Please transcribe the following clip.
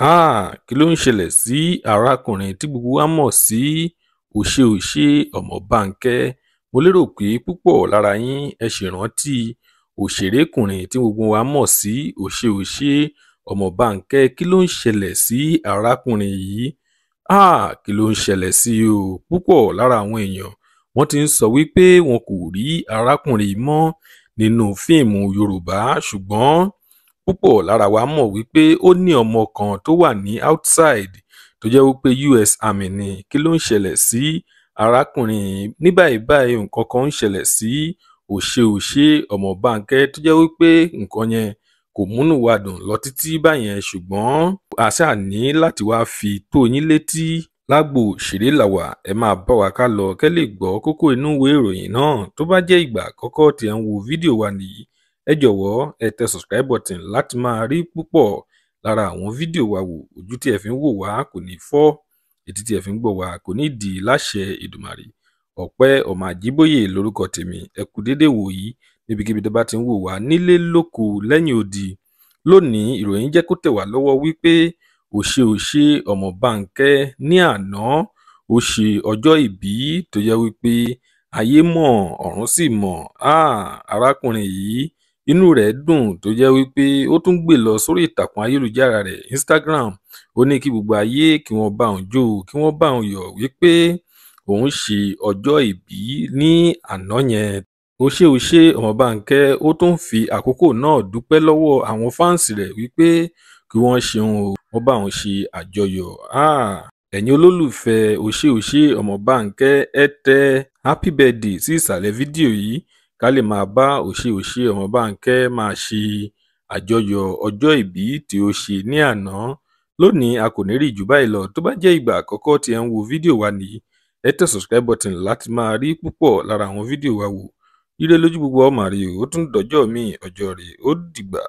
háà ah, kí ló ń ṣẹlẹ sí arákùnrin tí gbogbo wa mọ sí ọṣẹọṣẹ ọmọ báńkẹ mo lérò pé púpọ lára yín ẹ ṣèrántí òṣèrékùnrin tí gbogbo wa mọ sí ọṣẹọṣẹ ọmọ báńkẹ kí ló ń ṣẹlẹ sí arákùnrin yìí ah, kí ló ń ṣẹlẹ sí o púpọ lára àwọn èèyàn wọn ti ń sọ wípé wọn kò rí arákùnrin mọ nínú fíìmù yorùbá ṣùgbọn púpọ̀ lára wa mọ̀ wípé ó ní ọmọ kan tó wà ní outside tó jẹ́ wípé US Army ni kí ló ń ṣẹlẹ̀ sí arákùnrin yìí ní báyìí báyìí nǹkan kan ń ṣẹlẹ̀ sí òṣeòṣe ọmọ Bánkẹ́ tó jẹ́ wípé nǹkan yẹn kò múnú wa dùn lọ títí báyẹn ṣùgbọ́n àṣà ní láti wá fi tó yín létí lágbo òṣèré làwà ẹ máa bá wa ká lọ kẹ́ gbọ́ kókó inú ìròyìn náà tó bá jẹ́ ìgbà àkọ́kọ́ tí ẹ ń wo fídíò wa nìyí ẹ jọ̀wọ́ ẹ tẹ subscribe button láti máa rí púpọ̀ lára àwọn fídíò wa wò ojú tí ẹ fi ń wò wá kò ní fọ́ etí tí ẹ fi ń gbọ́ wá kò ní di láṣẹ Èdùmàrè Ọpẹ́ Ọmọ Àjíbóyè lórúkọ tèmi ẹ kú dédé wò yìí níbikíbi tó bá ti ń wò wá nílé lóko lẹ́yìn odi lónìí ìròyìn jẹ́ kó tẹ̀ wá lọ́wọ́ wípé òṣè òṣè ọmọ Bánkẹ́ ní àná ó ọjọ́ ìbí tó yẹ wípé ayé mọ̀ ọ̀run sì mọ̀ arákùnrin yìí inú rẹ̀ dùn tó jẹ́ wípé ó tún gbé lọ sórí ìtàkùn ayélujára rẹ̀ instagram ó ní kí gbogbo ayé kí wọ́n bá òun jó kí wọ́n bá òun yọ̀ wípé òun ṣe ọjọ́ ìbí ní àná yẹn ó ṣe ó ṣe ọmọ Bánkẹ́ ó tún fi àkókò náà dúpẹ́ lọ́wọ́ àwọn fáǹsì rẹ̀ wípé kí wọ́n ṣeun o wọ́n bá òun ṣe àjọyọ̀ ah, ẹ̀yin olólùfẹ́ ó ṣe ó ṣe ọmọ Bánkẹ́ ẹ tẹ happy birthday sí ìsàlẹ̀ fídíò yìí ká lè máa bá Òṣeòṣe Ọ̀wọ́nbàńkẹ́ máa ṣe àjọyọ̀ ọjọ́ ìbí tí ó ṣe ní àná. Lónìí a kò ní rí jù báyìí lọ. Tó bá jẹ́ ìgbà àkọ́kọ́ tí ẹ̀ ń wo fídíò wa nìyí, ẹ tẹ subscribe button láti máa rí púpọ̀ lára àwọn fídíò wa wò. Ire lójú gbogbo ọmọ rè é, ó tún dọjọ́ míì ọjọ́ rè ó dìgbà.